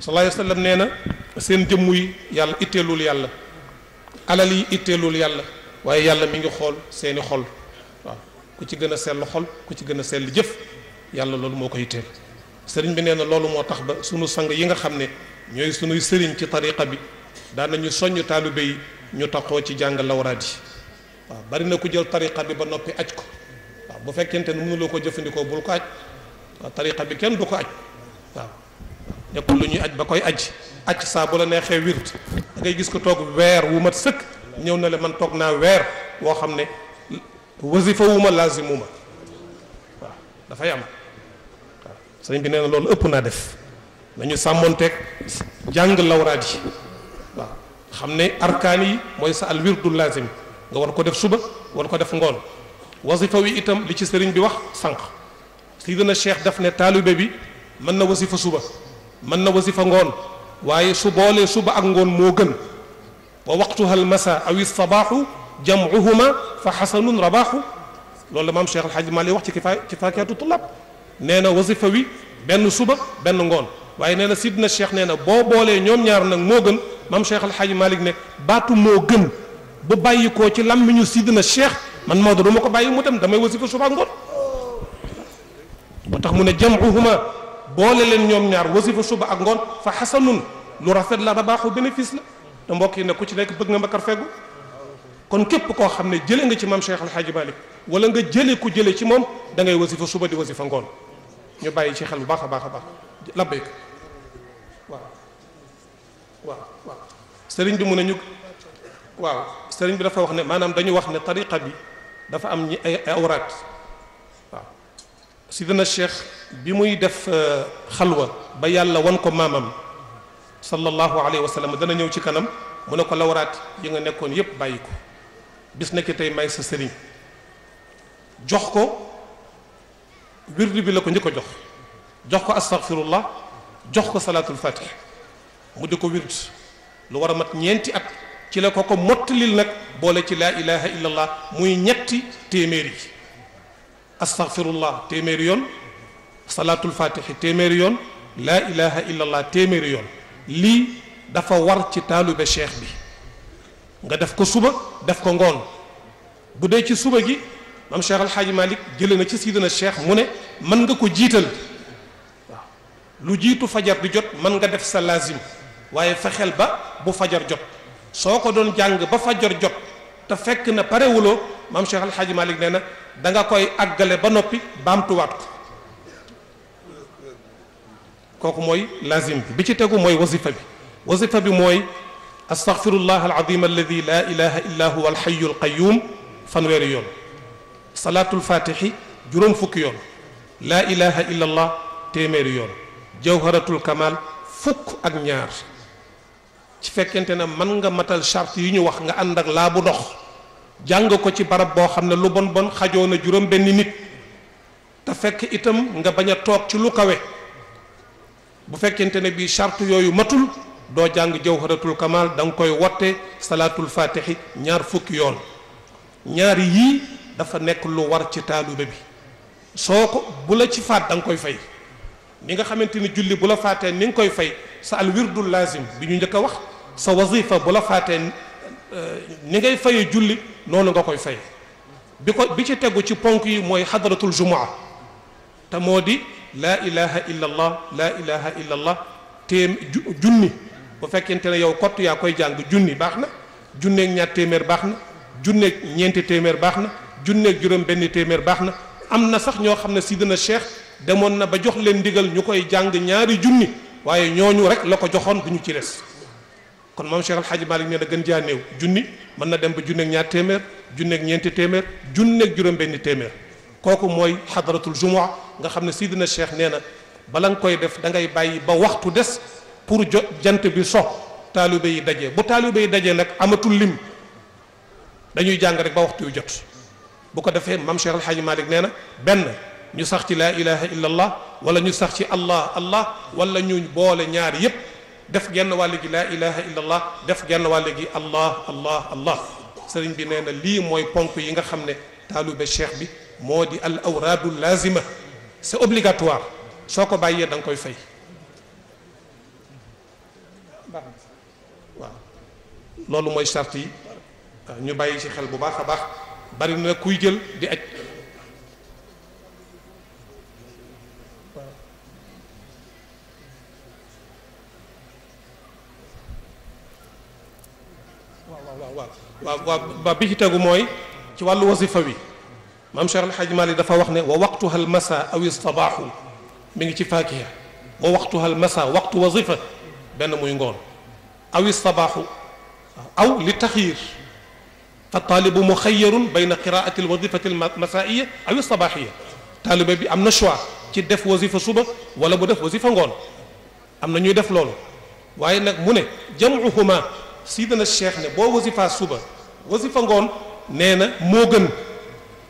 sallallahu alayhi wa sallam nee na seen jëmm yi yàlla itteelul yàlla alal yi itteelul yàlla waaye yàlla mi ngi xool seeni xol waaw ku ci gën a sell xol ku ci gën a sell jëf yàlla loolu moo ko itteel sëriñ bi nee na loolu moo tax ba sunu sang yi nga xam ne ñooy sunuy sëriñ ci tariqa bi daan nañu soññ taalibe yi ñu taxoo ci jàng lawraat yi waaw bari na ku jël tariqa bi ba noppi aj ko waaw bu fekkente ne mënuloo ko jëfandikoo bul ko aj waaw tariqa bi kenn du ko aj nekkul lu ñuy aj ba koy aj aj saa bu la neexee wirt da gis ko toog weer wu mat sëkk ñëw na la man toog naa weer woo xam ne wasifa wu ma lazimu dafay am waaw sëriñ bi nee loolu ëpp naa def nañu sàmmonteeg jàng lawraat yi waaw xam ne arkaani mooy sa al wirdu lazim nga war ko def suba war ko def ngoon wasifa wi itam li ci sëriñ bi wax sànq sidina cheikh daf ne taalibe bi mën na wasifa suba mën na wasifa ngoon waaye su boolee suba ak ngoon moo gën wa waqtuha almasa aw ilsabaaxu jamcuhuma fa xasanun rabaaxu loolu la maam Cheikh Al Hadj wax ci kifaay ci faakiyatu tulaab nee na wasifa wi benn suba benn ngoon waaye nee na sidna Cheikh nee na boo boolee ñoom ñaar nag moo gën maam Cheikh Al Hadj Malick ne baatu moo gën bu bàyyi ko ci làmmiñu sidna Cheikh man Maodo du ma ko bàyyi mu dem damay wasifa suba ak ngoon moo tax mu ne jamcuhuma boole leen ñoom ñaar wasifa suba ak ngoon fa xasanun lu rafet la rabaaxu bénéfice la te mbokk yi ne ku ci nekk bëgg nga mbakar fegu kon képp koo xam ne jële nga ci maam Cheikh El Hadj Malick wala nga jële ku jële ci moom da ngay wasifa suba di wasifa ngoon ñu bàyyi ci xel bu baax baax a baax labbayk waaw waaw sëriñ bi mu ne ñu waaw sëriñ bi dafa wax ne maanaam dañu wax ne tariqa bi dafa am ñi ay awraat sidina cheikh bi muy def euh, xalwa ba yàlla wan ko maamam sallallahu alayhi wa sallam dana ñëw ci kanam mu ne ko lawraat yi nga nekkoon yépp bàyyi ko bis nekk tey may sa sëriñ jox ko wirdu bi la ko njëkk jox jox ko astaghfirullah jox ko salaatul fatih mu di ko wird lu war a mat ñeenti at ci la ko ko mottalil nag boole ci laa ilaha illallah muy ñetti téeméer yi astaghfirullah téeméeri yoon salaatul faatihi téeméeri yoon laa ilaha illallah téeméeri yoon lii dafa war ci taalibe cheikh bi nga def ko suba def ko ngoon bu dee ci suba gi maam cheikh alxaaji malik jële na ci sidina cheikh mu ne mën nga ko jiital lu jiitu fajar bi jot mën nga def sa lazim waaye fexeel ba bu fajar jot soo ko doon jàng ba fajar jot te fekk na parewuloo maam Cheikh Al Hadj Malick nee na da koy àggale ba noppi baamtuwaat ko kooku mooy lazim bi bi ci tegu mooy wasifa bi wasifa bi mooy astaghfirullah alazim alladi la ilaha illa huwa alxayu alqayum fanweeri yoon salaatul fatixi juróom fukki yoon laa ilaha illa allah téeméeri yoon jawharatul kamal fukk ak ñaar ci fekkente ne mën nga matal charte yi ñu wax nga ànd ak laa bu dox jàng ko ci barab boo xam ne lu bon bon xajoo na juróom benn nit te fekk itam nga bañ a toog ci lu kawe bu fekkente ne bii charte yooyu matul doo jàng jawharatul kamal da nga koy wotte salaatul fatixi ñaar fukki yoon ñaar yii dafa nekk lu war ci taalube bi soo ko bu la ci faat danga koy fay ni nga xamante ni julli bu la faatee ni nga koy fay sa alwirdul lazim bi ñu njëkk a wax sa wasifa bu la faatee euh, ni ngay faye julli noonu nga koy fay bi ko bi ci tegu ci ponk yi mooy xadratul jumaa te moo di laa ilaha illa laa ilaha illa allah téem junni bu fekkente ne yow kott yaa koy jàng junni baax na junneeg ñaar téeméer baax na junneeg ñeenti téeméer baax na junneeg juróom benn téeméer baax na am na sax ñoo xam ne sidina cheikh demoon na ba jox leen digal ñu koy jàng ñaari junni waaye ñooñu rek la ko joxoon bu ñu ci des kon moom Cheikh Al Hadj Malick nee na gën jaa junni mën na dem ba junneeg ñaar téeméer junneeg ñeenti téeméer junneeg juróom-benni téeméer kooku mooy xadaratul juma nga xam ne sidina Cheikh nee na bala nga koy def da ngay bàyyi ba waxtu des pour jot jant bi so taalibe yi dajee bu taalibe yi dajee nag amatul lim dañuy jàng rek ba waxtu yu jot bu ko defee mam Cheikh Al Hadj nee na benn. ñu sax ci laa ilaha illallah wala ñu sax ci allah allah wala ñu boole ñaar yépp def genn wàll gi laa ilaha illallah def genn wàll gi allah allah allah sëriñ bi nee na lii mooy ponk yi nga xam ne taalube cheikh bi moo di al awraadu lazima c'est obligatoire soo ko bàyyee da nga koy fay waaw loolu mooy charte yi ñu bàyyi ci xel bu baax a baax bari na kuy jël di aj waaw waaw bi ci tegu mooy ci wàllu wasifa wi maam Cheikh El Hadj Malick dafa wax ne wa waqtuha al masa aw istabaaxu mi ngi ci faakiha wa waqtuha al masa waqtu wasifa benn muy ngoon aw istabaaxu aw li taxiir fa taalibu muxayyarun bayna qiraati alwazifati almasaiya aw istabaaxiya taalibe bi am na choix ci def wasifa suba wala bu def wasifa ngoon am na ñuy def loolu waaye nag mu ne jamuhuma sidana cheikh ne boo wasifa suba wasifa ngoon nee na moo gën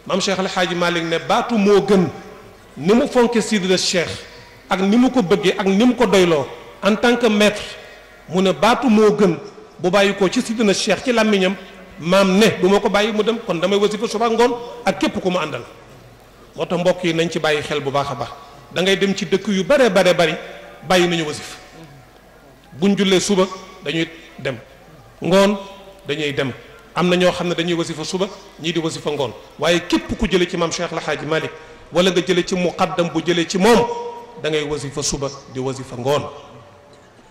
maam cheikh alhaaji malik ne baatu moo gën ni mu fonke sidana cheikh ak ni mu ko bëggee ak ni mu ko doyloo en tant que maître mu ne baatu moo gën bu bàyyi ko ci sidana cheikh ci làmmiñam maam ne du ma ko bàyyi mu dem kon damay wasifa suba ngoon ak képp ku mu àndal moo tax mbokk yi nañ ci bàyyi xel bu baax a baax da ngay dem ci dëkk yu bare bare bari bàyyi nañu wasif buñ jullee suba dañuy dem ngoon dañuy dem am na ñoo xam ne dañuy wasifa suba ñii di wasifa ngoon waaye képp ku jële ci maam Cheikh El Hadj Malick wala nga jële ci muqaddam bu jëlee ci moom dangay ngay wasifa suba di wasifa ngoon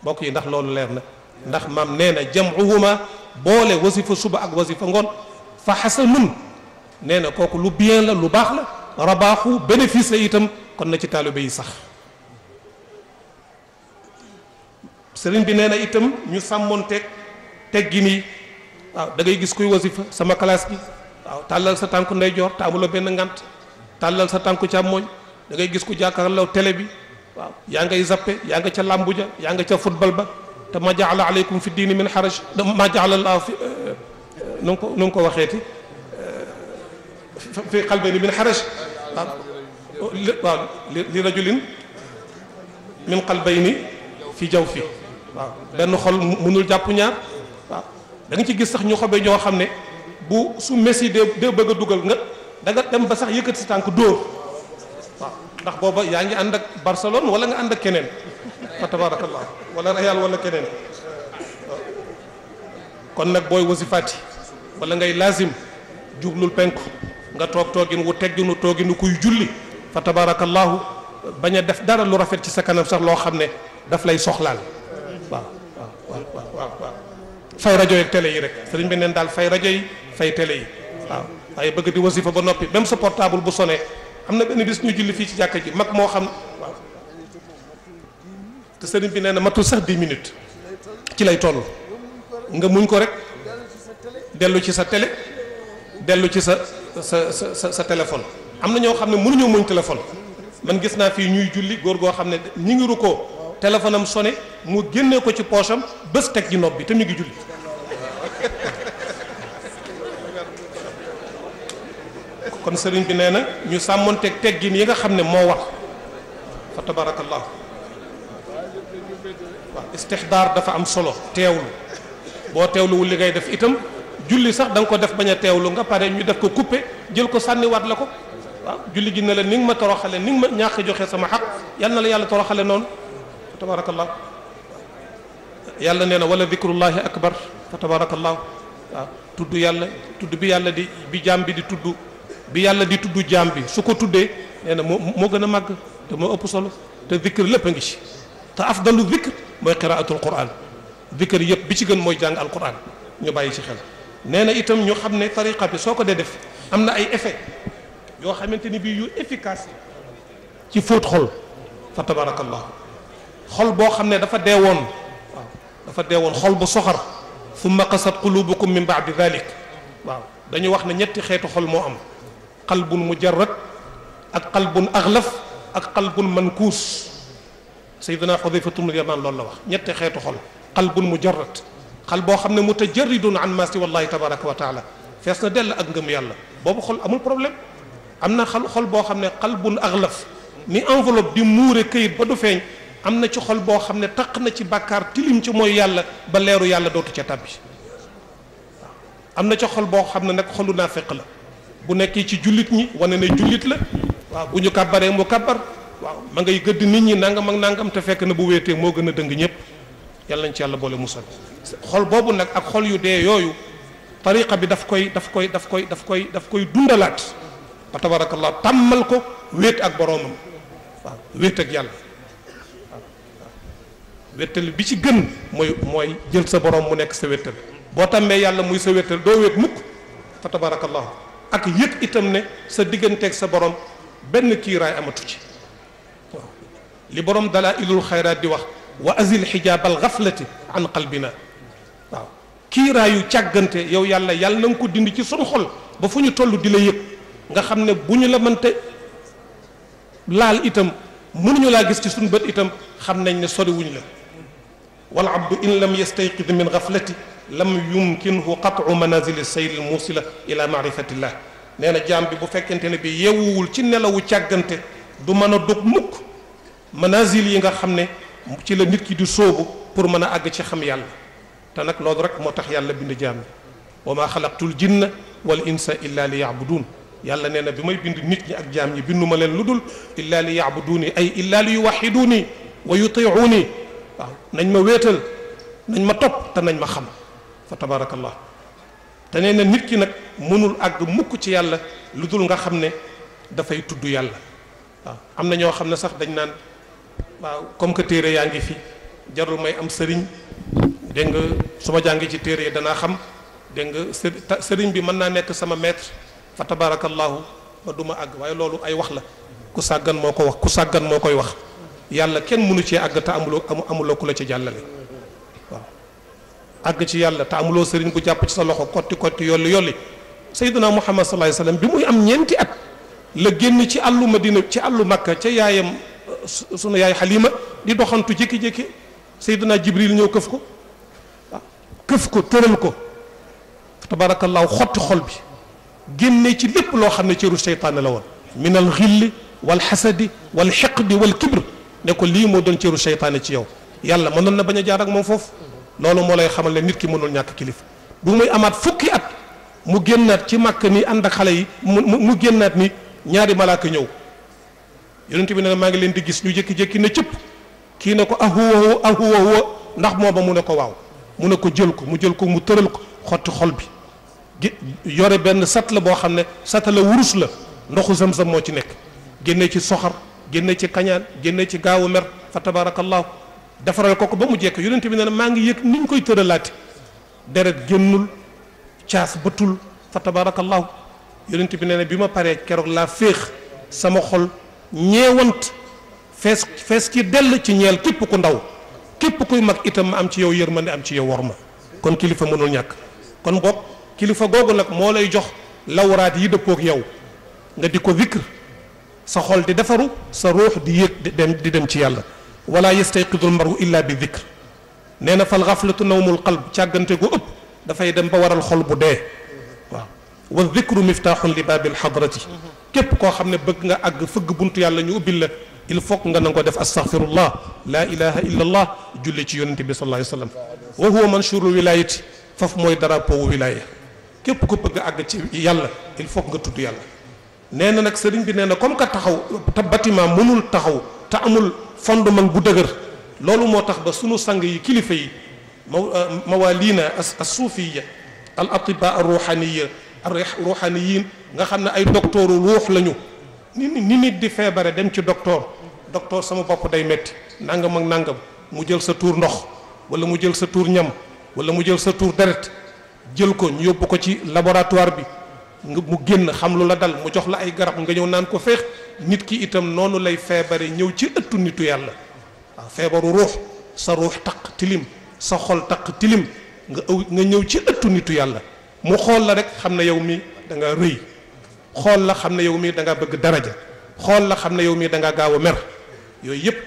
mbokk yi ndax loolu leer na ndax maam nee na jam'uhuma boole wasifa suba ak wasifa ngoon fa xasanun nee na kooku lu bien la lu baax la rabaaxu bénéfice la itam kon na ci taalibe yi sax sëriñ bi nee na itam ñu sàmmoonteeg teggin yi waaw dangay gis kuy wasifa sama classe bi waaw tàllal sa tànk ndeyjoor te amuloo benn ngant tàllal sa tànk càmmooñ da dangay gis ku jàkkaarloo télé bi waaw yaa ngay zappe yaa nga ca làmbu ja yaa nga ca football ba te ma jaala aleykum fi diini min xaraj ma jaala laa fi euh, nu ko nu ko waxeeti euh, fi xalbeni min xaraj waaw li rajulin min xalbayni fi jaw fi waaw benn xol mënul jàpp ñaar danga nga ci gis sax ñu xobe ñoo xam ne bu su messi de de bëgg a dugal nga danga dem ba sax yëkkati si tànk dóor waaw ndax booba yaa ngi ànd ak Barcelone wala nga ànd ak keneen fa tabarakallah wala Real wala keneen kon nag booy wasifaati wala ngay lazim jublul penku nga toog toogin wu tegginu tooginu kuy julli fa tabarakallahu bañ a def dara lu rafet ci sa kanam sax loo xam ne daf lay soxlaal fay rajo yi ak télé yi rek sëriñ bi neen daal fay rajo yi fay télé yi waaw waaye bëgg di wasifa ba noppi même sa portable bu sonee am na benn bis ñu julli fii ci jàkka ji mag moo xam waaw te bi nee na matul sax 10 minutes ci lay toll nga muñ ko rek dellu ci sa télé dellu ci sa sa sa sa téléphone am na ñoo xam ne mënuñoo muñ téléphone man gis naa fii ñuy julli góor goo xam ne ñi ngiru ko téléphone am sonné mu génnee ko ci poosam bés teg ji nopp bi te mu ngi julli kon sëriñ bi nee na ñu sàmmoon teg teggin yi nga xam ne moo war fa tabarakallah waaw istixdaar dafa am solo teewlu boo teewluwul li ngay def itam julli sax da nga ko def bañ a teewlu nga pare ñu def ko coupé jël ko sànniwaat la ko waaw julli ji ne la ni nga ma toroxale ni nga ma ñàkk joxe sama xaq yal na la yàlla toroxale noonu tabarakallah yàlla nee na wala dikrullahi akbar fa tabarakallah waaw tudd yàlla tudd bi yàlla di bi jaam bi di tudd bi yàlla di tudd jaam bi su ko tuddee nee na moo moo gën a màgg te moo ëpp solo te dikr lépp a ngi ci te afdalu dikr mooy qiraatul quran kër yëpp bi ci gën mooy jàng alquran ñu bàyyi ci xel nee na itam ñu xam ne tariqa bi soo ko dee def am na ay effet yoo xamante ni bii yu yi ci fóot xol fa tabarakallah xol boo xam ne dafa deewoon waaw dafa deewoon xol bu soxar summa qasat qulubukum min baadi dalik waaw dañu wax ne ñetti xeetu xol moo am qalbun mujarrad ak ak laf ak qalbun mankuus sayyidina xudayfatu bnu yamaan loolu la wax ñetti xeetu xol qalbun mujarrad xal boo xam ne mutajarridun an maasi wallahi tabaraka wa taala fees na dell ak ngëm yàlla boobu xol amul problème am na xal xol boo xam ne ak laf ni enveloppe di muure kayit ba du feeñ am na ci xol boo xam ne taq na ci bàkkaar tilim ci mooy yàlla ba leeru yàlla dootu ca tàbbi waaw am na ci xol boo xam ne nag xolu naafeq la bu nekkee ci jullit ñi wane ne jullit la waaw bu ñu kàbbaree mu kàbbar waaw ma ngay gëdd nit ñi nangam ak nangam te fekk na bu wéetee moo gën a dëng ñëpp yàlla nañ ci yàlla boole musal xol boobu nag ak xol yu dee yooyu tariqa bi daf koy daf koy daf koy daf koy daf koy dundalaat fa tabarakallah tàmmal ko wéet ak boroomam waaw wéet yàlla wettal bi ci gën mooy mooy jël sa borom mu nekk sa wettal boo tàmmee yàlla muy sa wettal doo wet mukk fa tabarakallahu ak yëg itam ne sa digganteeg sa borom benn kiiraay amatu ci waaw li borom dalaa ilul xayraat di wax wa azil xijaabal gaflati an qalbina waaw kiiraayu càggante yow yàlla yàlla na nga ko dindi ci sunu xol ba fu ñu toll di la yëg nga xam ne bu ñu la mënte laal itam mënuñu laa gis ci suñu bët itam xam nañ ne soriwuñ la wal abdu in lam yastayqid min gaflati lam yumkinhu qat'u manazili sayr la musila ila maarifatillah nee na jaam bi bu fekkente ne bi yewwuwul ci nelawu càggante du mën a dog mukk manazil yi nga xam ne ci la nit ki di sóobu pour mën a àgg ci xam yàlla te nag loolu rek moo tax yàlla bind jaam bi wa maa xalaqtul jinna wal insa illa li yaabuduun yàlla nee na bi may bind nit ñi ak jaam ñi binduma leen lu dul illa li yaabuduuni ay illa li yuwaxiduuni wa yutiicuuni waaw nañ ma wéetal nañ ma topp te nañ ma xam fa tabaarakallah te nee na nit ki nag mënul àgg mukk ci yàlla lu dul nga xam ne dafay tudd yàlla waaw am na ñoo xam ne sax dañ naan waaw comme que téere yaa ngi fi jarul may am sëriñ dégg nga su ma jàngee ci téere yi danaa xam dégg nga sëriñ bi mën naa nekk sama maître fa tabaarakallahu ma du àgg waaye loolu ay wax la ku sàggan moo ko wax ku sàggan moo koy wax yàlla kenn mënu cee àgg taamuloo amuloo amuloo ku la ca jàllale waaw ci yàlla te sëriñ bu jàpp ci sa loxo kotti kotti yolli yolli sayyiduna muhammad sallallahu alayhi wasallam bi muy am ñeenti at la génn ci àllu madina ci àllu makka ca yaayam sunu yaay xalima di doxantu jékki-jékki sayyiduna jibril ñëw këf ko waaw këf ko tëral ko tabaarakallaahu xotti xol bi génne ci lépp loo xam ne cëru seytaane la woon min al wal xasadi wal xeqdi wal kibr ne ko lii moo doon cëru seytaane ci yow yàlla mënoon na bañ a jaar ak moom foofu loolu moo lay xamal ne nit ki mënul ñàkk kilifa bu muy amaat fukki at mu génnaat ci màkk ni ànd ak xale yi mu mu génnaat ni ñaari malaaka ñëw yonent bi ne maa ngi leen di gis ñu jékki-jékki ne cëpp kii ne ko ahuwa ahuwa ndax mooba mu ne ko waaw mu ne ko jël ko mu jël ko mu tëral ko xotti xol bi gi yore benn sat la boo xam ne satala wurus la ndoxu zam-zam moo ci nekk génne ci soxar génne ci kañaan génne ci gaawu mer fa tabarakallahu defaral ko ko ba mu jekk yonent bi nee na maa ngi yëg ni ñu koy tëralaate deret génnul caas bëtul fa tabarakallahu yonent bi nee na bi ma paree keroog laa féex sama xol ñeewant fees fees ci dell ci ñeel képp ku ndaw képp kuy mag itam ma am ci yow yërmande am ci yow war ma kon kilifa mënul ñàkk kon boog kilifa googu nag moo lay jox lawraat yi dëppook yow nga di ko zikr sa xol di defaru sa ruux di yëg di dem di dem ci yàlla wala yastayqidul mbaru illa bi dikr nee na fal xaflatu nawmul qalb càggante gu ëpp dafay dem ba waral xol bu dee waaw wa dikru miftaaxun li baabil xadrati képp koo xam ne bëgg nga àgg fëgg buntu yàlla ñu ubbil la il faut nga nanga ko def astaghfirullah laa ilaha illa allah julli ci yonente bi sallallahu alayhi wa sallam wa huwa manshurul wilayati faf mooy dara wu wilaya képp ko bëgg àgg ci yàlla il faut nga tudd yàlla nee na nag sëriñ bi nee na comme que taxaw te bâtiment mënul taxaw te amul fond man bu dëgër loolu moo tax ba sunu sang yi kilifa yi ma euh, mawalina as-suufiya al atibaa ar-ruhaniya ar-ruhaniyin nga xam ne ay docteurs ruux lañu ni ni nit di feebare dem ci docteur docteur sama bopp day metti nangam ak nàngam mu jël sa tuur ndox wala mu jël sa tuur ñam wala mu jël sa tuur deret jël ko ñu yóbbu ko ci laboratoire bi nga mu génn xam lu la dal mu jox la ay garab nga ñëw naan ko feex nit ki itam noonu lay feebare ñëw ci ëttu nitu yàlla waa feebaru ruux sa ruux taq tilim sa xol taq tilim nga ëw nga ñëw ci ëttu nitu yàlla mu xool la rek xam ne yow mii da nga rëy xool la xam ne yow mii da nga bëgg daraja xool la xam ne yow mii da nga gaaw a mer yooyu yëpp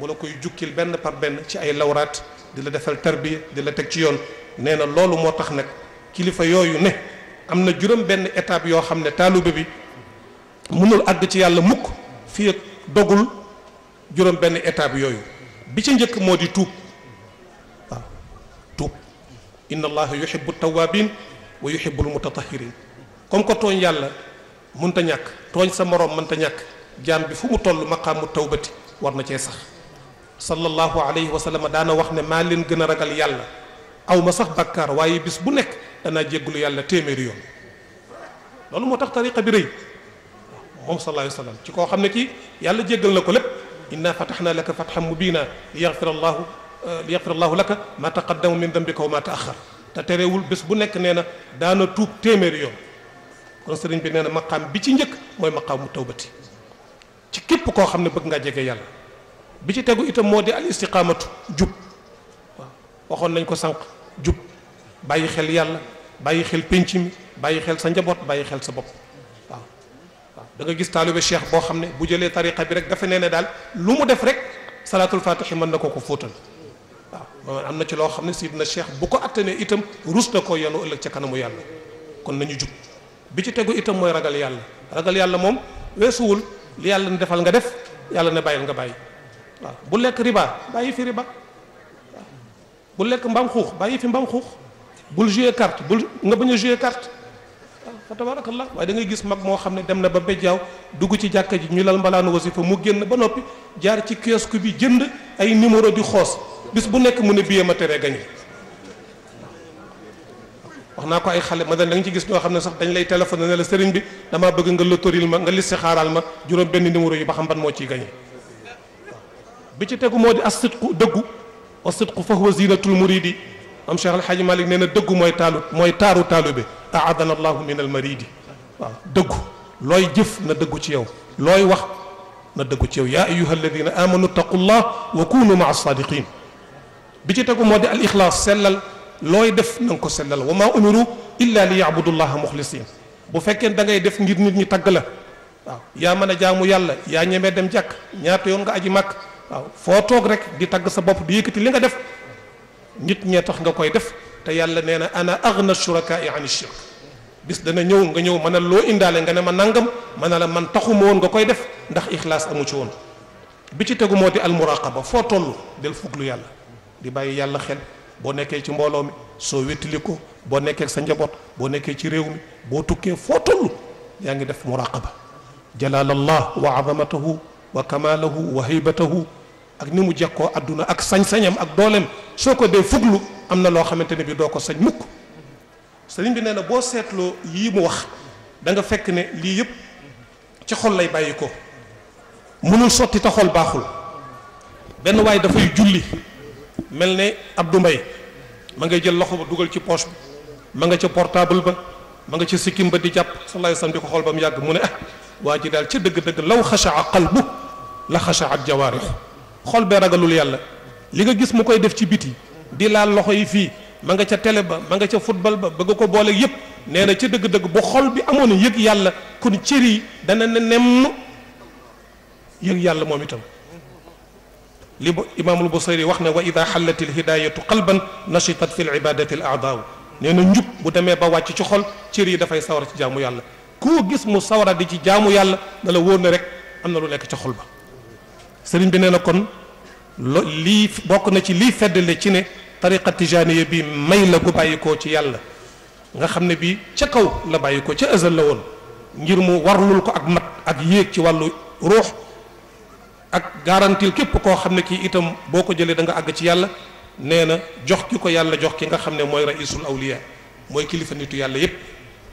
mu la koy jukkil benn par benn ci ay lawraat di la defal tarbiya di la teg ci yoon nee na loolu moo tax nag kilifa yooyu ne am na juróom benn étape yoo xam ne taalibe bi mënul àgg ci yàlla mukk fii ak dogul juróom benn étape yooyu bi ci njëkk moo di tuub waaw tuub inna allaha yuhibbu tawabin wa yuhibbul mutatahhirin comme que tooñ yàlla ta ñàkk tooñ sa moroom mënta ñàkk jaam bi fu mu toll maqaamu tawbati war na cee sax sallallahu alayhi wa sallam daana wax ne maa leen gën a ragal yàlla aw ma sax bàkkaar waaye bis bu nekk danaa jéggulu yàlla téeméeri yoon loolu moo tax tariqa bi rëy moom sallallahu alayhi wa sallam ci koo xam ne kii yàlla jéggal na ko lépp inna fataxna naa lekk fa li yaxfir allahu li yaxfir allahu laka euh, ma taqaddama min dambika wa ma taaxar te terewul bés bu nekk nee na daana tuub téeméeri yoon kon sëriñ bi nee na maqaam bi ci njëkk mooy mu tawbati ci képp koo xam ne bëgg ngaa jege yàlla bi ci tegu itam moo di al istiqaamatu jub waxoon nañ ko sànq jub bàyyi xel yàlla bàyyi xel pénc mi bàyyi xel sa njaboot bàyyi xel sa bopp waaw waaw da nga gis taalibe cheikh boo xam ne bu jëlee tariqa bi rek dafa nee ne daal lu mu def rek salaatul fatihi mën na ko ko fóotal waaw am na ci loo xam ne na cheikh bu ko àttanee itam rus na ko yenu ëllëg ca kanamu yàlla kon nañu jub bi ci tegu itam mooy ragal yàlla ragal yàlla moom weesuwul li yàlla ne defal nga def yàlla na bàyyil nga bàyyi waaw bu lekk riba bàyyi fi riba bu lekk mbaam xuux bàyyi fi mbaam xuux bul jouer carte bul nga bañ a jouer carte fa tabarakallah waaye da ngay gis mag moo xam ne dem na ba bejjaaw dugg ci jàkka ji ñu lal mbalaanu fa mu génn ba noppi jaar ci kiosque bi jënd ay numéro di xoos bis bu nekk mu ne billet ma tere gañe wax naa ko ay xale ma da nga ci gis ñoo xam ne sax dañ lay téléphoné ne la sëriñ bi damaa bëgg nga lotoril ma nga lissi xaaral ma juróom benn numéro yi ba xam ban moo ciy gañe bi ci tegu moo di as sidqu dëggu as sidqu am Cheikh Alhaji Malick nee na dëgg mooy taalu mooy taaru taalube aadana allahu min almaridi waaw dëggu looy jëf na dëggu ci yow looy wax na dëggu ci yow ya ayuha alladina amanu taqullah wa kunu maa sadiqin bi ci tegu moo di al ixlaas sellal looy def na nga ko sellal wa maa umiru illa li yaabudullaha muxlisin bu fekkee da ngay def ngir nit ñi tagg la waaw yaa mën a jaamu yàlla yaa ñemee dem jàkk ñaata yoon nga aji màkk foo toog rek di tagg sa bopp di yëkkati li nga def nit ñee tax nga koy def te yàlla nee na ana aghna surakaa ani shirk bis dana ñëw nga ñëw mën a loo indaale nga ne ma nangam mën a la man taxuma woon nga koy def ndax ixlaas amu ci woon bi ci tegu moo di almuraqaba foo toll del fuglu yàlla di bàyyi yàlla xel boo nekkee ci mbooloo mi soo wéttali ko boo nekkee sa njaboot boo nekkee ci réew mi boo tukkee foo toll yaa ngi def muraqaba jalaalallah wa azamatahu wa kamaalahu wa haybatahu ak ni mu jekkoo àdduna ak sañ-sañam ak dooleem soo ko dee fuglu am na loo xamante ne bi doo ko sañ mukk sëriñ bi nee na boo seetloo yii mu wax danga fekk ne lii yëpp ca xol lay bàyyi ko sotti te xol baaxul benn waay dafay julli mel ne Abdou Mbaye ma ngay jël loxo ba dugal ci poche bi nga ca portable ba ma nga ca sikkim ba di jàpp sallallahu alayhi wasallam ko xool ba mu yàgg mu ne ah waa ji daal ca dëgg-dëgg law xashaa qalbu la xashaat jawaarixu xol bee ragalul yàlla li nga gis mu koy def ci biti di laal loxo yi fii ma nga ca tele ba ma nga ca football ba bëgg ko boole yépp nee na ca dëgg-dëgg bu xol bi amoon yëg yàlla kon cër yi dana ne nemm yàlla moom itam li imaamul Busayri wax ne wa ida xallat ilhidayatu qalban nachitat fi libadati al aadaaw nee na njub bu demee ba wàcc ci xol cër yi dafay sawar ci jaamu yàlla koo gis mu sawara di ci jaamu yàlla dala la wóor ne rek am na lu nekk ca xol ba sëriñ bi nee na kon lo lii bokk na ci lii feddale ci ne tariqa tijaaniya bii may la gu bàyyikoo ci yàlla nga xam ne bii ca kaw la bàyyikoo ca azal la woon ngir mu warlul ko ak mat ak yéeg ci wàllu ruux ak garantil képp koo xam ne kii itam boo ko jëlee da nga àgg ci yàlla nee na jox ki ko yàlla jox ki nga xam ne mooy raisul awliya mooy kilifa nitu yàlla yépp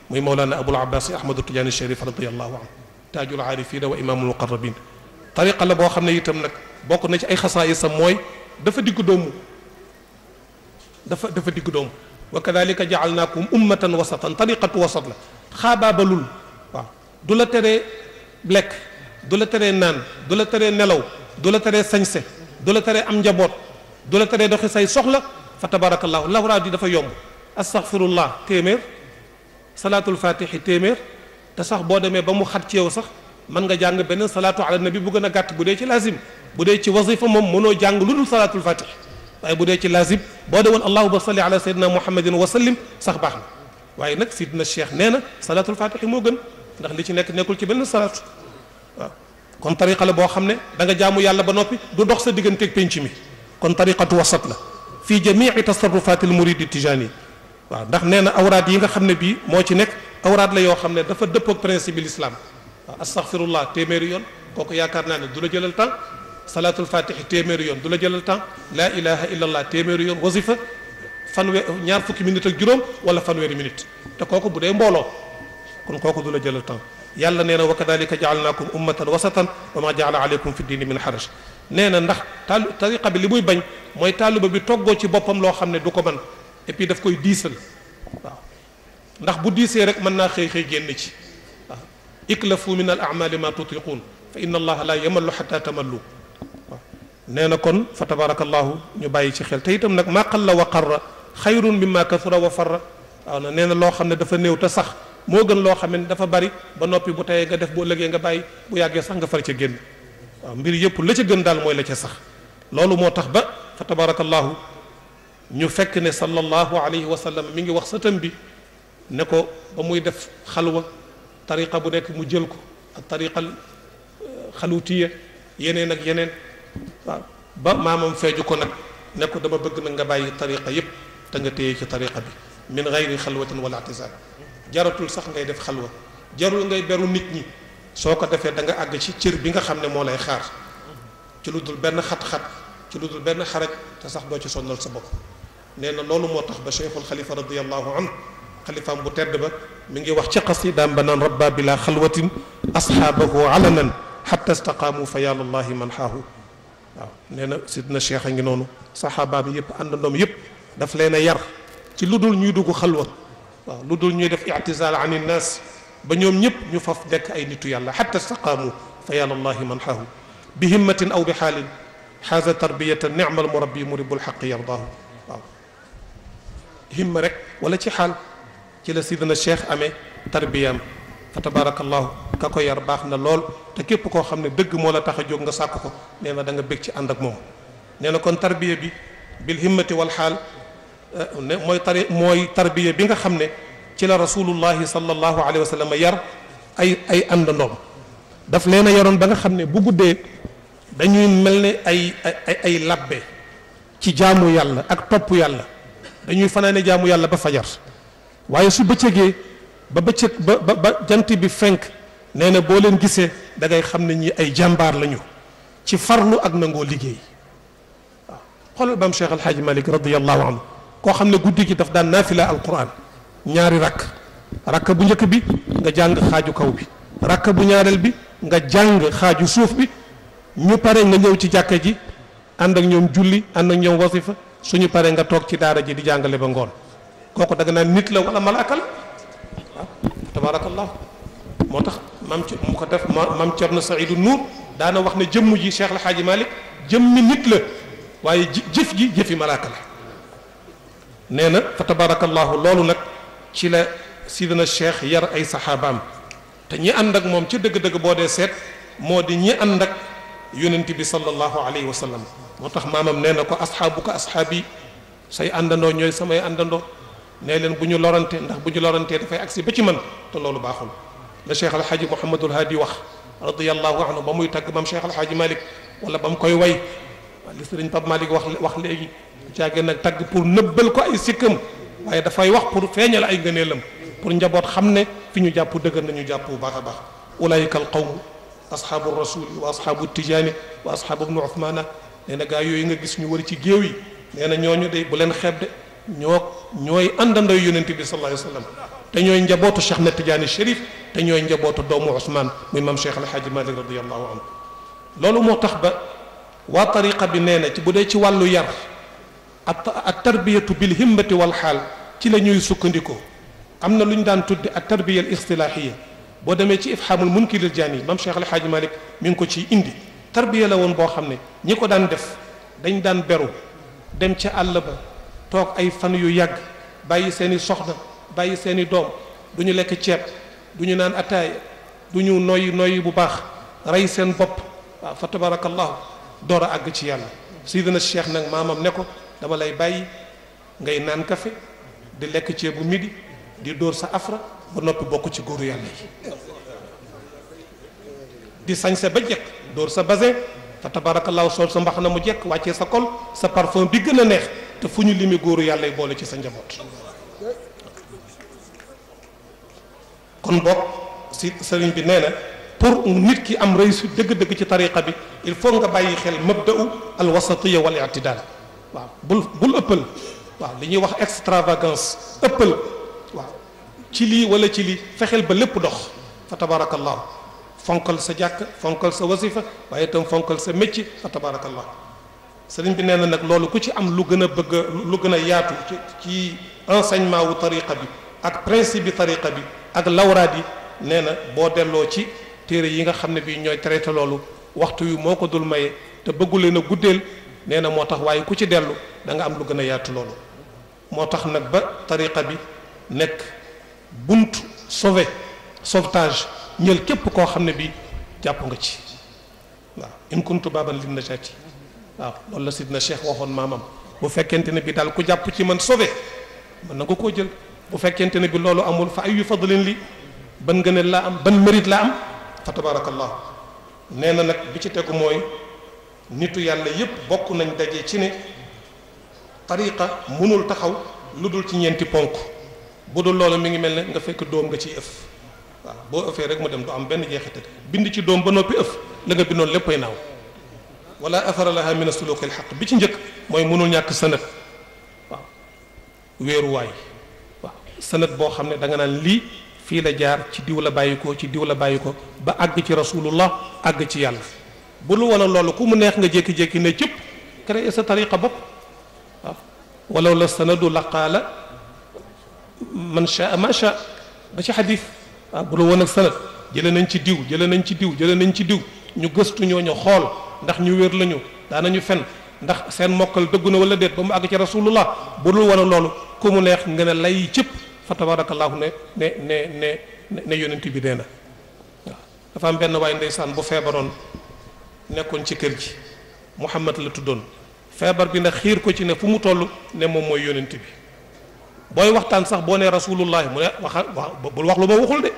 muy mawlana abul abbas ahmadu tijaani sharif radiallahu anhu taajul aarifina wa imaamul muqarrabin tariqa la boo xam ne itam nag bokk na ci ay xasaa yi sam mooy dafa diggu doomu dafa dafa diggu doomu wa kadalika jaalnaakum ummatan wasatan tariqatu wasat la xaabaabalul waaw du la teree lekk du la teree naan du la teree nelaw du la tere sañse du la teree am njaboot du la teree doxi say soxla fa tabarakallahu lawraat yi dafa yomb astaghfirullah téeméer salaatul fatihi téeméer te sax boo demee ba mu xat ci yow sax mën nga jàng benn salaatu ala nabi bu gën a gàtt bu dee ci lazim bu dee ci wasifa moom mënoo jàng lu dul salaatul fatih waaye bu dee ci lazim boo de woon allahuma salli ala sayyidina muhammadin wa sallim sax baax na waaye nag na cheikh nee na salaatul fatih moo gën ndax li ci nekk nekkul ci benn salaatu waaw kon tariqa la boo xam ne danga nga jaamu yàlla ba noppi du dox sa digganteeg penc mi kon tariqatu wasat la fii jamii tasarrufatil muridi tijani waaw ndax nee na awraad yi nga xam ne bii moo ci nekk awraad la yoo xam ne dafa dëpp ak principe l'islam waaw astaghfirullah téeméeri yoon kooku yaakaar naa ne du la jëlal temps salaatul fatixi téeméeri yoon du la jëlal temps laa ilaha illallah téeméeri yoon wasifa fanwe ñaar fukki minute ak juróom wala fanweeri minute te kooku bu dee mbooloo kon kooku du la jëlal temps yalla nee na wa kadalika jaalnaakum ummatan wasatan wa ma jaala aleykum fi diini min xaraj nee na ndax taalu tariqa bi li muy bañ mooy taaliba bi toggoo ci boppam loo xam ne du ko mën et puis daf koy diisal waaw ndax bu diisee rek mën naa xëy xëy génn ci iklafu min al amali ma tutiquun fa inna allaha la yamallu xata tamallu waaw nee na kon fa tabarakallahu ñu bàyyi ci xel te itam nag maa qalla wa qarra xayrun mimma kasura wa farra waaw na nee na loo xam ne dafa néew te sax moo gën loo xam ne dafa bari ba noppi bu teyee nga def boo ëllëgee nga bàyyi bu yàggee sax nga far ca génn mbir yëpp la ca gën daal mooy la ca sax loolu moo tax ba fa tabarakallahu ñu fekk ne sallallahu alayhi wa sallam mi ngi wax sëtam bi ne ko muy def xalwa tariqa bu nekk mu jël ko ak tariqal euh, xalutiya yeneen ak yeneen waaw ba maamam feeju ko nag ne dama bëgg nag nga bàyyi tariqa yépp te nga téye ci tariqa bi min gayri xalwatin wala atisal jaratul sax ngay def xalwa jarul ngay beru nit ñi soo ko defee danga àgg ci cër bi nga xam ne moo lay xaar ci lu dul benn xat-xat ci lu dul benn xaraj te sax doo ci sonnal sa bopp nee na loolu moo tax ba cheikhul xalifa radiallahu anhu xalifaam bu tedd ba mi ngi wax ci xasidaam ba naan rabba bila xalwatin asxaabahu alanan xatta staqaamu fa yàlla allahi man xaahu waaw nee na sidna cheikh a ngi noonu saxaaba bi yëpp àndandoom yëpp daf leen a yar ci lu dul ñuy dugg xalwa lu dul ñuy def ictisaal an innaas ba ñoom ñëpp ñu faf nekk ay nitu yàlla xatta staqaamu fa yàlla allahi man xaahu bi himmatin aw bi xaalin xaaza tarbiyata nicma almurabbi muribul xaqi yardaahu waaw himma rek wala ci xaal ci la sidana cheikh amee tarbiyaam fa tabarakallahu ka ko yar baax na lool te képp koo xam ne dëgg moo la tax a jóg nga sàkk ko nee na danga nga bég ci ànd ak moom nee na kon tarbiya bi bil himmati wal xaal eh, ne mooy tari mooy tarbiya bi nga xam ne ci la rasulullahi sallallahu alayhi wa sallam yar ay ay àndandoom daf leen a yaroon ba nga xam ne bu guddee dañuy mel ne ay ay ay labbe ci jaamu yàlla ak topp yàlla dañuy fanaane jaamu yàlla ba fajar waaye su bëccëgee ba bëccëg ba ba jant bi fenk nee na boo leen gisee dangay xam ne ñi ay jàmbaar lañu ci farlu ak nangoo liggéey waaw xoolal ba am Cheikh Alhaaji Malik radiallahu anhu koo xam ne guddi gi daf daan al alquran ñaari rakk rakk bu njëkk bi nga jàng xaaju kaw bi rakk bu ñaareel bi nga jàng xaaju suuf bi ñu pare nga ñëw ci jàkka ji ànd ak ñoom julli ànd ak ñoom wasifa suñu pare nga toog ci daara ji di jàngale ba ngoon kooku da nga naan nit la wala malaaka la waaw tabaarakallah moo tax maam ci mu ko def maam na Saidu Nuur daana wax ne jëmm ji Cheikh El Hadji Malick jëmmi nit la waaye jëf ji jëfi malaaka la nee na fa tabaarakallahu loolu nag ci la sidina Cheikh yar ay saxaabaam te ñi ànd ak moom ci dëgg-dëgg boo dee seet moo di ñi ànd ak yonent bi sallallahu alayhi wa moo tax maamam nee na ko asxaabu ko asxaab say àndandoo ñooy samay àndandoo nee leen bu ñu lorante ndax bu ñu lorantee dafay agsi ba ci man te loolu baaxul la cheikh alhaaji mouhamadul haadi wax radiallahu anhu ba muy tagg maam cheikh alhaaji malik wala ba mu koy way li sëriñ Pape Malick wax wax léegi caageen nag tagg pour nëbbal ko ay sikkam waaye dafay wax pour feeñal ay ngëneelam pour njaboot xam ne fi ñu jàpp dëgër nañu jàpp bu baax a baax ulaayika al qawm ashaabu rasuli wa ashaabu tijaani wa ashaabu ibnu uthmaana nee na gaa yooyu nga gis ñu ci géew yi nee na ñooñu de bu leen xeeb ñoo ñooy àndandoo yonent bi sallallahu alayhi wa te ñooy njabootu Cheikh na Tidiane Chérif te ñooy njabootu doomu Ousmane muy maam Cheikh El Hadj Malick radiyallahu anhu loolu moo tax ba waa tariqa bi nee na ci bu dee ci wàllu yar ak ak tarbiyatu bil himmati wal xaal ci la ñuy sukkandikoo am na lu ñu daan tudde ak tarbiya al istilaahiya boo demee ci ifhamul munkiril jaani maam Cheikh El Hadj Malick mi ngi ko ci indi tarbiya la woon boo xam ne ñi ko daan def dañ daan beru dem ca àll ba. toog ay fan yu yàgg bàyyi seeni soxna bàyyi seeni doom du ñu lekk ceeb du ñu naan ataaya du ñu noyyi noyyi bu baax rey seen bopp waaw fa tabarakallahu door a àgg ci yàlla sidina cheikh nag maamam ne ko dama lay bàyyi ngay naan kafe di lekk ceeb bu midi di dóor sa afra ba noppi bokk ci góor yàlla yi di sañ sa ba jekk dóor sa basin fa tabarakallahu sol sa mbaxana mu jekk wàccee sa kol sa parfum bi gën a neex te fu ñu limi góoru yàllay boole ci sa njaboot kon boog si sëriñ bi nee na pour nit ki am réussite dëgg-dëgg ci tariqa bi il faut nga bàyyi xel mabda'u al wasatiya wa i'tidal waaw bul bul ëppal waaw li ñuy wax extravagance ëppal waaw ci lii wala ci lii fexeel ba lépp dox fa tabarakallahu fonkal sa jàkk fonkal sa wasifa waaye itam fonkal sa mécc fa tabarakallahu sëriñ bi nee na nag loolu ku ci am lu gën a bëgg lu gën a yaatu ci ci enseignement wu tariqa bi ak principe bi tariqa bi ak lawraat yi nee na boo delloo ci téere yi nga xam ne bii ñooy traité loolu waxtu yi moo ko dul maye te bëggu leen a guddeel nee na moo tax waaye ku ci dellu da nga am lu gën a yaatu loolu moo tax nag ba tariqa bi nekk bunt sauvé sauvetage ñël képp koo xam ne bi jàpp nga ci waaw in kuntu baaban lin najati waaw loolu la sidna cheikh waxoon maamam bu fekkente ne bi daal ku jàpp ci man sauvé mën na nga koo jël bu fekkente ne bi loolu amul fa ay ayu fadlin li ban ngëneel laa am ban mérite laa am fa tabarakallah nee na nag bi ci tegu mooy nitu yàlla yépp bokk nañ daje ci ne tariqa mënul taxaw lu dul ci ñeenti ponk bu dul loolu mi ngi mel ne nga fekk doom nga ciy ëf waaw boo ëfee rek mu dem du am benn jeexital bind ci doom ba noppi ëf la nga bindoon ay naaw wala athara laha min asuluki alxaq bi ci njëkk mooy mënul ñàkk sanad waaw wéeruwaay waaw sanad boo xam ne danga nga naan lii fii la jaar ci diw la bàyyi ko ci diw la bàyyi ko ba àgg ci rasulullah àgg ci yàlla bu lu wala loolu ku mu neex nga jékki-jékki ne cëpp créé sa tariqa bopp waaw walaw la sanadu la qaala man shaa ma shaa ba ci xadis waaw bu lu woon ak sanad jële nañ ci diw jële nañ ci diw jële nañ ci diw ñu gëstu ñu xool ndax ñu wér lañu daanañu fen ndax seen mokkal dëggu na wala déet ba mu àgg ci rasulullah bu dul wala loolu ku mu neex nga ne lay cëpp fa tabarakallahu ne ne ne ne ne yonent bi nee na dafa am benn waaye ndeysaan bu feebaroon nekkoon ci kër ji gi Muhammad la tuddoon feebar bi nag xiir ko ci ne fu mu toll ne moom mooy yonent bi booy waxtaan sax boo nee rasulullah mu ne waxa bul wax lu ma waxul de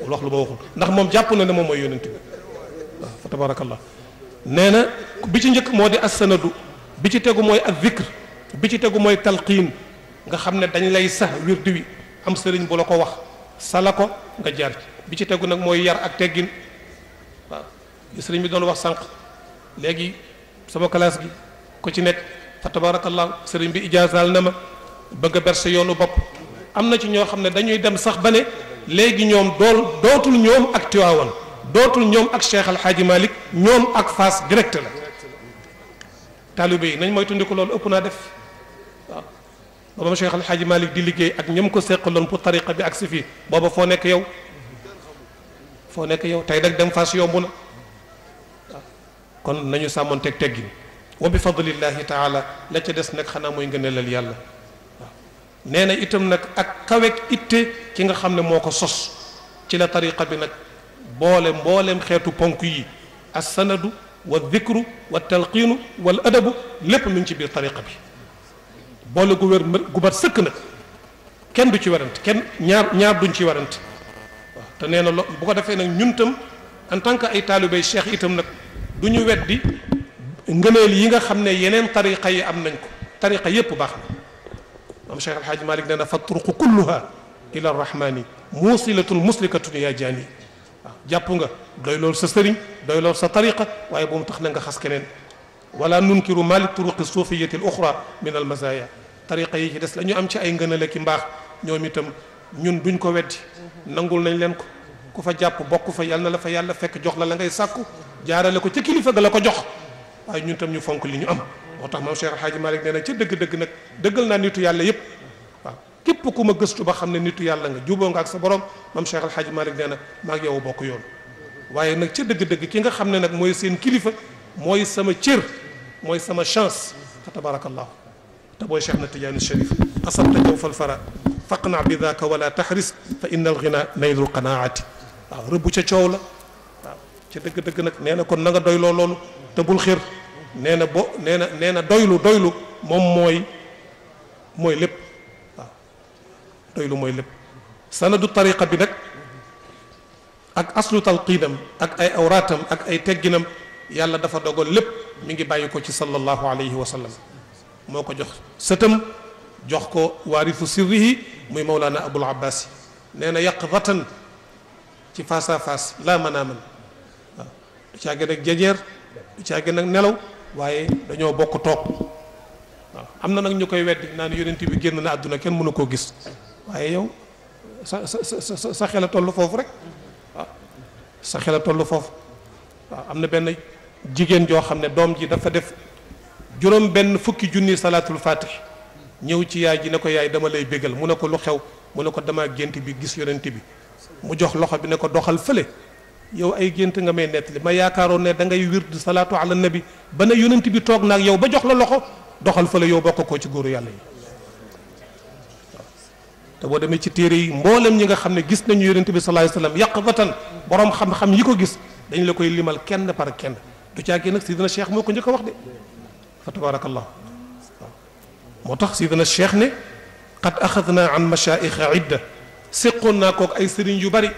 bul wax lu ma waxul ndax moom jàpp na ne moom mooy bi tabarakallah nee na bi ci njëkk moo di as assanadu bi ci tegu mooy ak zikr bi ci tegu mooy talqiin nga xam ne dañ lay sax wirdu wi am sëriñ bu la ko wax sala ko nga jaar ci bi ci tegu nag mooy yar ak teggin waaw sëriñ bi doon wax sànq léegi sama classe gi ko ci nekk fa tabarakallah sëriñ bi ijaasaal na ma bëgg a yoonu bopp am na ci ñoo xam ne dañuy dem sax ba ne léegi ñoom dool dootul ñoom ak Tiwaawan dootul ñoom ak Cheikh xaaji malik ñoom ak face direct la taalibe yi nañ mooy tundiku loolu ëpp naa def waaw ba moom Cheikh di liggéey ak ñoom ko seqaloon pour tariqa bi ak si fii booba foo nekk yow foo nekk yow tey nag dem face yomb na kon nañu sàmmoon teg teggin wa bi fadlillahi taala la ca des nag xanaa mooy ngëneelal yàlla nee na itam nag ak kaweeg itte ki nga xam ne moo ko sos ci la tariqa bi nag boole mbooleem xeetu ponk yi assanadu wa dikru wa talqiinu wal adabu lépp mi ci biir tariqa bi boole gu wér gu sëkk nag kenn du ci warante kenn ñaar ñaar duñ ci warante te nee na lo bu ko defee nag ñun tam en tant que ay taalibey cheikh itam nag du ñu weddi ngëneel yi nga xam ne yeneen tariqa yi am nañ ko tariqa yépp baax na maam cheikh alhaaji malik nee na fa turuqu kulluha ila arrahmani muusilatul muslikatun yaa jaani jàpp nga doy lool sa sëriñ doy lool sa tariqa waaye bu mu tax na nga xas keneen wala nunkiru mali turuqi sufiyati al uxra min al mazaya tariqa yi ci des la ñu am ci ay ngënale ki mbaax ñoom itam ñun duñ ko weddi nangul nañ leen ko ku fa jàpp bokk fa yal na la fa yàlla fekk jox la la ngay sàkku jaarale ko ci kilifa ga la ko jox waaye ñun tam ñu fonk li ñu am moo tax maam Cheikh Alhaaji Malick nee na ca dëgg-dëgg nag dëggal naa nitu yàlla yëpp képp ku ma gëstu ba xam ne nitu yàlla nga juboo nga ak sa borom mam Cheikh Alhaji Malick nee maa ngi yow bokk yoon waaye nag ca dëgg-dëgg ki nga xam ne nag mooy seen kilifa mooy sama cër mooy sama chance fa tabarakallahu te booy Cheikh na Tidiane Chérif asabta jawfal fara faqna bi daaka wala tahris fa inna al ghina naylul waaw rëbb ca coow la waaw ca dëgg-dëgg nag nee na kon na nga doyloo loolu te bul xir nee na bo nee doylu doylu moom mooy mooy lépp doylu mooy lépp sanadu tariqa bi nag ak aslu talqiinam ak ay awraatam ak ay tegginam yàlla dafa dogal lépp mi ngi bàyyi ko ci sallallahu alayhi wa sallam moo ko jox sëtam jox ko waarifu sirrihi muy mawlaana abul abbaas yi nee na yàq yaqzatan ci face à laa mën a mën waaw du caa gën ak jejeer du caa gën ak nelaw waaye dañoo bokk toog waaw am na nag ñu koy weddi naan yonent bi génn na àdduna kenn mënu koo gis waaye yow sa sa sa sa xel a toll foofu rek waaw ah, sa xel a toll foofu waaw ah, am na benn jigéen joo xam ne doom ji dafa def juróom benn fukki junni salaatul fàtte ñëw ci yaay ji ne ko yaay dama lay bégal mu ne ko lu xew mu ne ko dama gént bi gis yonent bi mu jox loxo bi ne ko doxal fële yow ay gént nga may nettali ma yaakaaroon ne da ngay wird salaatu ala bi ba ne yonent bi toog naag yow ba jox la loxo doxal fële yow bokk ko ci góoru yàlla yi te demee ci téere yi mboolem ñi nga xam ne gis nañu yonente bi sallallahu alayhi wasallam yaqzatan borom xam-xam yi ko gis dañu la koy limal kenn par kenn du caagee nag sidina cheikh moo ko njëkk a wax de fa tabarakallah moo tax sidina cheikh ne qad axadna an machaaixa idda séqoon naa kook ay sëriñ yu bari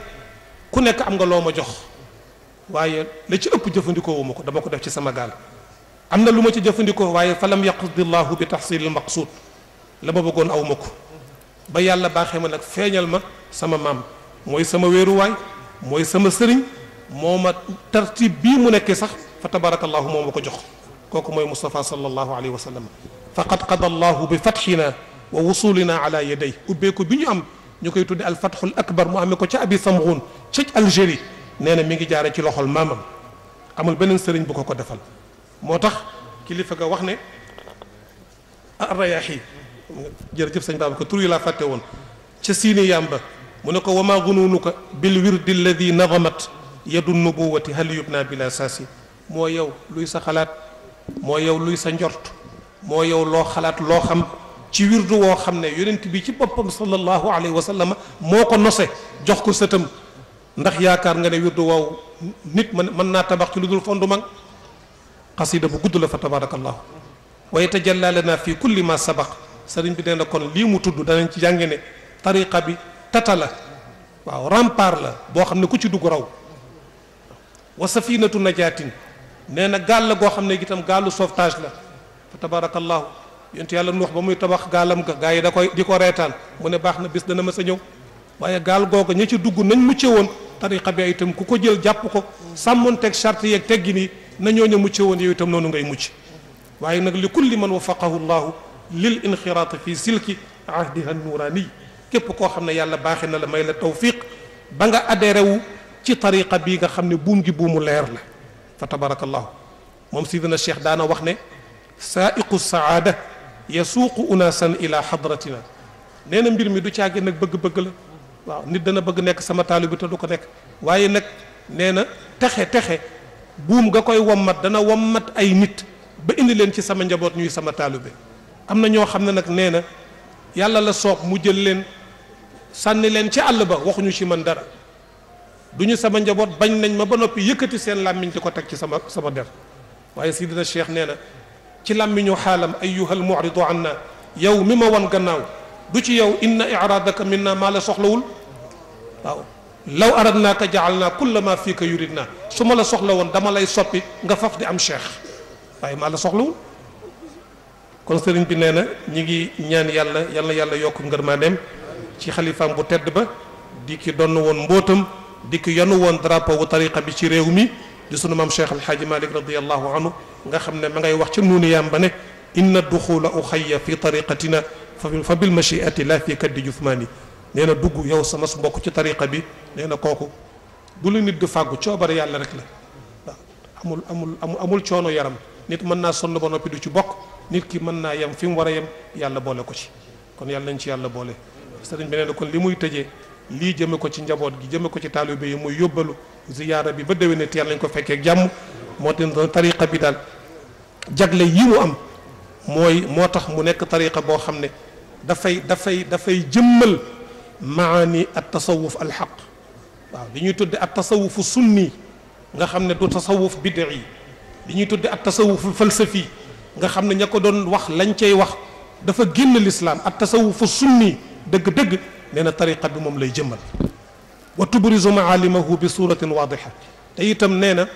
ku nekk am loo ma jox waaye la ci ëpp jëfandikoo wu ko dama ko def ci sama gaal am na lu ma ci jëfandikoo waaye falam yaqdi llahu bi taxsil al maqsuud la ma bëggoon aw ma ko ba yàlla baaxee ma nag feeñal ma sama maam mooy sama wéeruwaay mooy sama sëriñ moo ma tartib bii mu nekkee sax fa tabarakallahu moom ma ko jox kooku mooy Moustapha sallallahu alayhi wa sallam faqad qada allahu bi fatxina wa wusulina ala yaday ubbeeku bi ñu am ñu koy tudde al fatxul akbar mu amee ko ca abi samxuun ca Algérie nee na mi ngi jaare ci loxol maamam amul beneen sëriñ bu ko ko defal moo tax kilifa ga wax ne arrayahi jërëjëf sëñ Babacar tur yi laa fàtte woon ca siini yàmba mu ne ko wama gunuunuka bil wirdi alladi nadamat yadu nubuwati hal yubna moo yow luy sa xalaat moo yow luy sa njort moo yow loo xalaat loo xam ci wirdu woo xam ne yonent bi ci boppam sallallahu alayhi wa sallam moo ko jox ko sëtam ndax yaakaar nga ne wirdu woow nit mën mën naa tabax ci lu dul fondu mag xasida bu la fi kulli ma sabaq sëriñ bi nee na kon lii mu tudd danañ ci jànge ne tariqa bi tata la waaw rempart la boo xam ne ku ci dugg raw wa safinatu najaatin nee na gaal la goo xam ne itam gaalu sauvetage la fa tabarakallahu yonent yàlla nu wax ba muy tabax gaalam ga gaa yi da koy di ko reetaan mu ne baax na bis dana ma sa ñëw waaye gaal googa ña ci dugg nañ mucce woon tariqa bi itam ku ko jël jàpp ko sàmmoonteeg charte yeeg teggi nii na ñooñu mucce woon yow itam noonu ngay mucc waaye nag li kulli man wafaqahu lil inxiraat fi silki ahdiha nuuraani képp koo xam ne yàlla baaxee na la may la tawfiq ba nga adhéré wu ci tariqa bii nga xam ne buum gi buumu leer la fa tabarakallahu moom dana cheikh daana wax ne saaiqu saada yasuuqu unaasan ila hadratina nee na mbir mi du caage nag bëgg-bëgg la waaw nit dana bëgg nekk sama taalibe bi te du ko nekk waaye nag nee na texe texe buum nga koy wommat dana wommat ay nit ba indi leen ci sama njaboot ñuy sama taalu bi am na ñoo xam ne nag nee na yàlla la soog mu jël leen sànni leen ci àll ba waxuñu ci man dara du ñu sama njaboot bañ nañ ma ba noppi yëkkati seen làmmiñ di ko teg ci sama sama der waaye sidina cheikh nee na ci làmmiñu xaalam ayyuhal mu'ridu anna yow mi ma won gannaaw du ci yow inna iraadaka minna maa la soxlawul waaw law aradnaaka jaalnaa kulla maa fiika yuridnaa su ma la soxla woon dama lay soppi nga faf di am cheikh waaye maa la soxlawul kon sëriñ bi nee na ñi ngi ñaan yàlla yàlla yàlla yokk ngërmaaneem ci xalifaam bu tedd ba di ki donn woon mbootam dikk ki yanu woon drapeau bu tariqa bi ci réew mi di sunu maam Cheikh Alhaaji Malik radiallahu anhu nga xam ne ma ngay wax ci nuunu yaam ba ne inna duxula uxayya fi tariqatina fa bil machiati la fi kaddi jufmaani nee na dugg yow sama mbokk ci tariqa bi nee na kooku du la nit di fàggu coobare yàlla rek la waaw amul amul amul coono yaram nit mën naa sonn ba noppi du ci bokk nit ki mën naa yem fi mu war a yem yàlla boole ko ci kon yàlla nañ ci yàlla boole sëriñ bi nee kon li muy tëjee lii jëme ko ci njaboot gi jëme ko ci taalibe yi muy yóbbalu ziyaara bi ba déwénee te yàlla nañ ko fekkee jàmm moo tax tariqa bi daal jagle yi am mooy moo tax mu nekk tariqa boo xam ne dafay dafay dafay jëmmal maani at tasawuf al xaq waaw li ñuy tudde at tasawufu sunni nga xam ne du tasawuf bid'i li ñuy tudde at tasawufu falsafi nga xam ne ña ko doon wax lañ cay wax dafa génn lislaam ak tasawufu sunni dëgg-dëgg nee na tariqa bi moom lay jëmmal wa tubrizu maalimahu bi suratin waadiha te itam nee na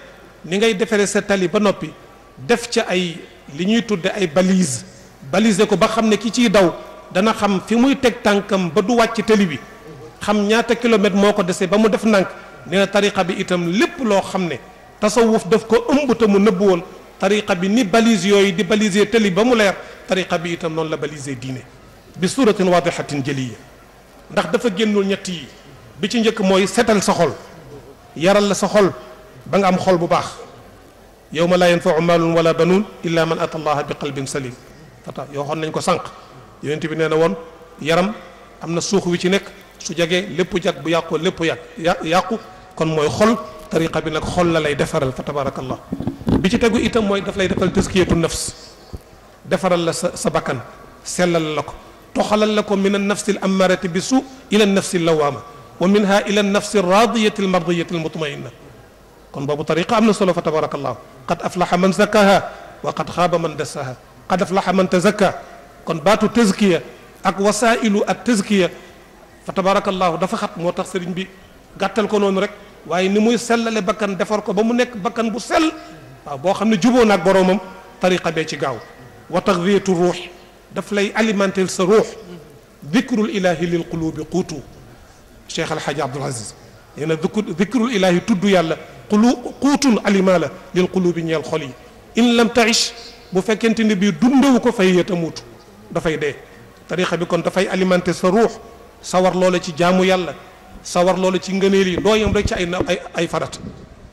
ni ngay defaree sa tali ba noppi def ca ay li ñuy tudde ay balise balise ko ba xam ne ki ciy daw dana xam fi muy teg tànkam ba du wàcc tali bi xam ñaata kilomètre moo ko desee ba mu def nànk nee na tariqa bi itam lépp loo xam ne tasawuf daf ko ëmb te mu nëbb woon tariqa bi ni balise yooyu di baliser tëli ba mu leer tariqa bi itam noonu la baliser diine bi suratin waadihatin jëliya ndax dafa génnul ñett yi bi ci njëkk mooy setal sa xol yaral la sa xol ba nga am xol bu baax yow ma laa yanfau maalun wala banuun illa man ata allaha bi qalbin salim fata yoo xoon nañ ko sànq yonent bi nee na woon yaram am na suux wi ci nekk su jege lépp jag bu yàqoo lépp yàq yàqu kon mooy xol tariqa bi nag xol la lay defaral fa tabarakallah bi ci tegu itam mooy daf lay defal taskiyatu nafs defaral la sa sa bakkan sellal la ko toxalal la ko min an nafsi al ammarati bi su ila an nafsi lawaama wa minha ila an nafsi radiyati al mardiyati al mutmainna kon boobu tariqa am na solo fa tabarakallah qad aflaha man zakkaha wa qad xaaba man dassaha qad aflaha man tazakka kon baatu tazkiya ak wasailu at tazkiya fa tabarakallahu dafa xat moo tax sëriñ bi gàttal ko noonu rek waaye ni muy sellale bakkan defar ko ba mu nekk bakkan bu sell boo xam ne juboo naag boroomam tariqa bee ci gaaw wa taxwiyatu ruux daf lay alimenter sa ruux dikrul ilahi lil qulubi quutu cheikh alhaaji abdul aziz nee na dikrul ilahi tudd yàlla qulu quutun aliment la lil qulubi ñeel xol yi in lam taich bu fekkente ni bii dundewu ko fay yéet a dafay dee tariqa bi kon dafay alimenter sa ruux sawar loola ci jaamu yàlla sawar loolu ci ngëneel yi doo yem rek ci ay ay ay farata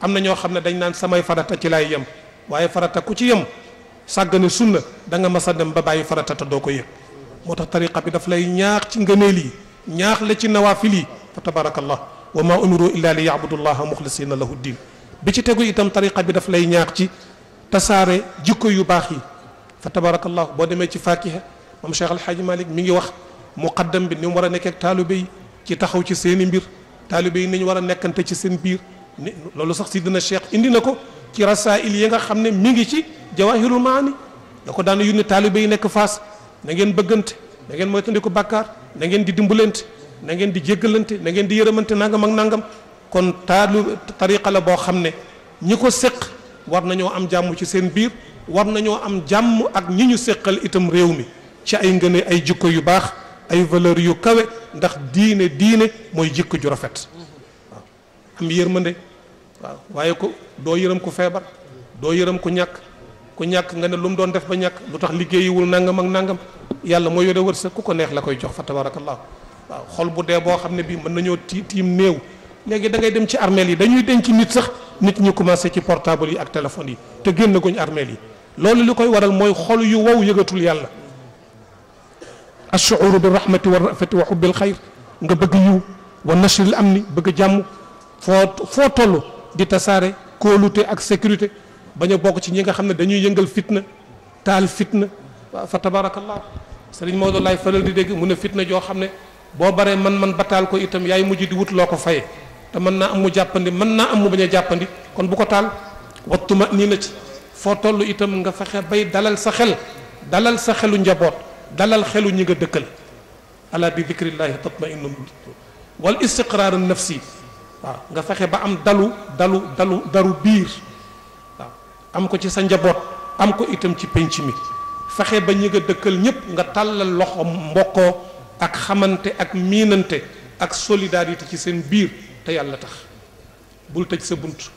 am na ñoo xam ne dañ naan samay farata ci laay yem waaye farata ku ci yem sàggane sunna da nga mas a dem ba bàyyi farata te doo ko yëg moo tax tariqa bi daf lay ñaax ci ngëneel yi ñaax la ci nawaafil yi fa tabarakallah wa ma umiru illa li yaabudullaha muxlisina lahu diin bi ci tegu itam tariqa bi daf lay ñaax ci tasaare jikko yu baax yi fa tabarakallah boo demee ci faakiha moom Cheikh Alhaaji Malik mi ngi wax muqaddam bi ni mu war a nekkee ak taalibe ci taxaw ci seeni mbir taalibe yi nañu war a nekkante ci seen biir ni loolu sax dina Cheikh indi na ko ci rasail yi nga xam ne mi ngi ci jawahirul maani da ko daan yónni taalibe yi nekk faas na ngeen bëggante na ngeen moytandiku bàkkaar na di dimbalante na ngeen di jéggalante na ngeen di yërëmante nangam ak nangam kon taalu tariqa la boo xam ne ñi ko séq war nañoo am jàmm ci seen biir war nañoo am jàmm ak ñi ñu séqal itam réew mi ci ay ngëne ay jikko yu baax ay valeur yu kawe ndax diine diine mooy jikko ju rafet waaw ma yërmande waaw waaye ko doo yërëm ku feebar doo yërëm ku ñàkk ku ñàkk nga ne lu mu doon def ba ñàkk lu tax liggéeyiwul nangam ak nangam yàlla mooy yore sax ku ko neex la koy jox fa tabarakallah waaw xol bu dee boo xam ne bii mën nañoo ti tiim néew léegi da dem ci armeel yi dañuy denc nit sax nit ñi commencé ci portable yi ak téléphone yi te génn guñ armeel yi loolu li koy waral mooy xol yu wow yëgatul yàlla ashuuru bi rahmati wa rafati wa xubbil xayr nga bëgg yiw wa nashril ni bëgg jàmm foo foo toll di tasaare kóolute ak sécurité bañ a bokk ci ñi nga xam ne dañuy yëngal fitna taal fitna fa tabarakallah sëriñ Maodo laay faral di dégg mu ne fitna joo xam ne boo baree man-man ba taal ko itam yaay mujj di wut loo ko faye te mën naa am mu jàppandi mën naa am mu bañ a jàppandi kon bu ko taal wattuma nii na ci foo toll itam nga fexe bay dalal sa xel dalal sa xelu njaboot dalal xelu ñi nga dëkkal ala bi dikrillaahi tatma'innul wal istiqraaru nafsi waaw nga fexe ba am dalu dalu dalu daru biir waaw am ko ci sa njaboot am ko itam ci pénc mi fexe ba ñi dëkkal ñépp nga tàllal loxo mbokkoo ak xamante ak miinante ak solidarité ci seen biir te yàlla tax bul tëj sa bunt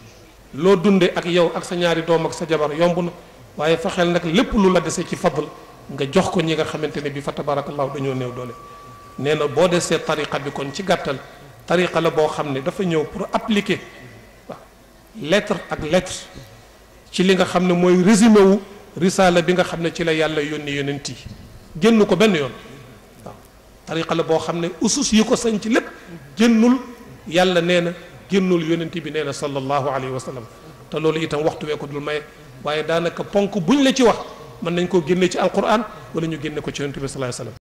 loo dunde ak yow ak sa ñaari doom ak sa jabar yomb na waaye fexeel nag lépp lu la dese ci fadl nga jox ko ñi nga xamante ne bi fa tabarakallahu dañoo néew doole nee na boo desee tariqa bi kon ci gàttal tariqa la boo xam ne dafa ñëw pour appliquer waaw lettre ak lettre ci li nga xam ne mooy résumé wu risaala bi nga xam ne ci la yàlla yónni yonent yi génn ko benn yoon waaw tariqa la boo xam ne usus yi ko sañ ci lépp génnul yàlla nee na génnul yonent bi nee na sallallahu alayhi te loolu itam waxtu wee ko dul maye waaye daanaka ponk buñ la ci wax mën nañ koo génne ci alquran wala ñu génne ko ci yonent bi sallallahu alayhi wasallam